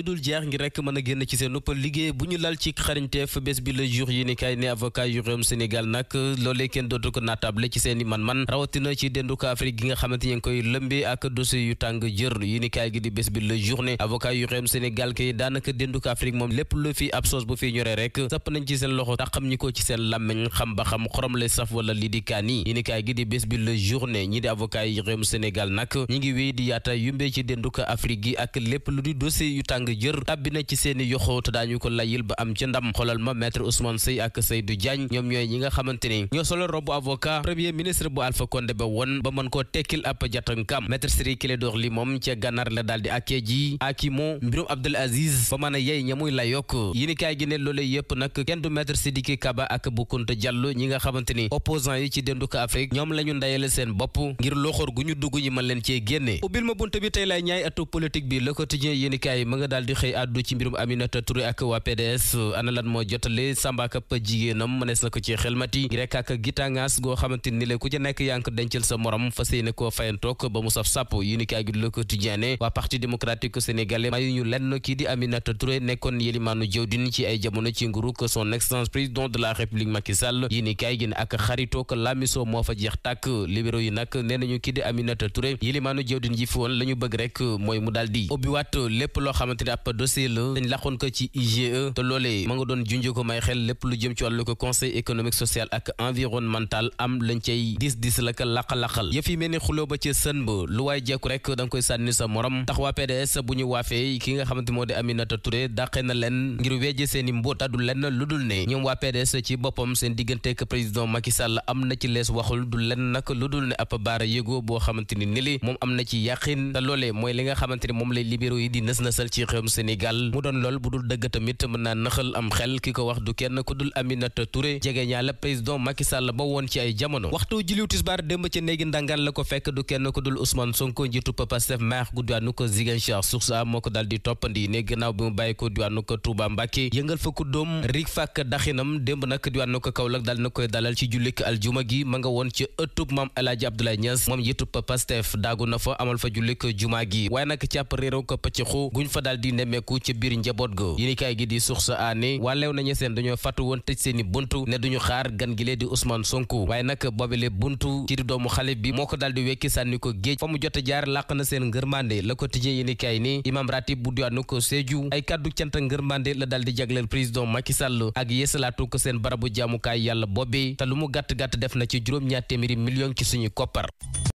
yu dul jeex ngir rek mën a génn ci seen noppal liggéey bu ñu lal ci xarañteef bés bi le jour yi ni kay ne avocat yu Sénégal nag loolee kenn dootu ko naatable ci seen man-man rawatina ci denduko Afrique gi nga xamante ñu ngi koy lëmbee ak dossier yu tàng jër yi ni kaay gi di bés bi le journée avocat yu réewum Sénégal kay daanaka denduko Afrique moom lépp lu fi ñoree rek sapp nañ ci seen loxo taxam ñi ko ci seen xam ba xam xorom le saf di kaan yi ni kaay gi di bés bi le journée ñi di avocat yu réewum Sénégal nag ñi ngi wéy di yaata yumbee ci denduko Afrique gi ak lépp lu di dossier yu tàng tàng jër tàbbi na ci seeni yoxoo te daañu ko layil ba am ci ndam xoolal ma maître Ousmane Seye ak Seydou Diagne ñoom ñooy ñi nga xamante ni ñoo solo robu avocat premier ministre bu Alpha Condé ba woon ba mën koo tekkil ab jatankam maître Ciré Clédor Ly moom ca gànnaar la daal di ji akimo mbirum Abdoul Aziz ba mën a yey ñamuy la yokk yi ni kaay loole yëpp nag kenn du maître Sidiki Kaba ak Boukounta Diallo ñi nga xamante ni yi ci dendu ko ñoom la ñu daal di xëy àddu ci mbirum Aminata Touré ak waa PDS ana moo jotale Samba ak ab ko ci xelmati rek ak gitangaas goo xamante ni la ku ci nekk yaa ngi ko dencal sa morom fas yéene koo ba mu saf sàpp yi ni kaay gi ak xaritoog lamiso moo fa jeex tàkk libéraux yi nag nee nañu kii di Aminata Touré yëlimaanu jëwdin ji fi woon la bëgg rek mooy mu daal di ubbiwaat lépp loo xamante it ab dossier la dañ laqoon ko ci IGE te loolee ma nga doon junj ko may la ka laq-laqal yëf yi mel ni xuloo koy sànni sa morom tax waa PDS bu ñu waafee ki nga xamante moo di Aminata Touré dàqe na leen ngir wejje seen mbóot addu lenn lu dul ne ñoom waa PDS ci boppam seen diggante président Macky Sall am na ci lees waxul du lenn nag lu dul ne ab baara yëgoo boo xamante ni moom am na ci yàqin te loolee mooy li nga xamante moom lay libéraux yi di nës nasal ci njiitam Sénégal mu doon lool bu dul dëgg tamit mën naa naxal am xel ki ko wax du kenn ku dul Aminata Touré jege ñaala président Macky Sall ba woon ci ay jamono waxtu julliw tisbaar démb ci néegi ndangaan la ko fekk du kenn ku dul Ousmane Sonko njiitu Pastef maire gu diwaanu ko Ziguinchor source a moo ko daal di toppandi ne gannaaw bi mu bàyyi ko diwaanu ko Touba Mbacké yëngal fa ku doom rig fàkk daxinam démb nag diwaanu ko Kaolack daal na koy dalal ci jullik di nemmeeku ca biir njaboot ga yéenekaay gi di Source A ne wàlleew nañu seen dañoo fàttu woon te seeni bunt ne duñu xaar gan gi lee di Ousmane Sonko waaye nag boobile buntu ci di doomu xale bi moo ko daldi wekki sànni ko géej fa mu jot jaar làq na seen ngër ngërmande la ko tijjee yéenekaay ni imam ratib bu diwaanu ko Sédhiou ay kàddu cant ngërmande la daldi jagleel président Macky Sall ak yéesalaatu ko seen barabu jaamukaay yàlla boobi te lu mu gàtt-gàtt def na ci juróom-ñaar téeméeri ci suñu koppar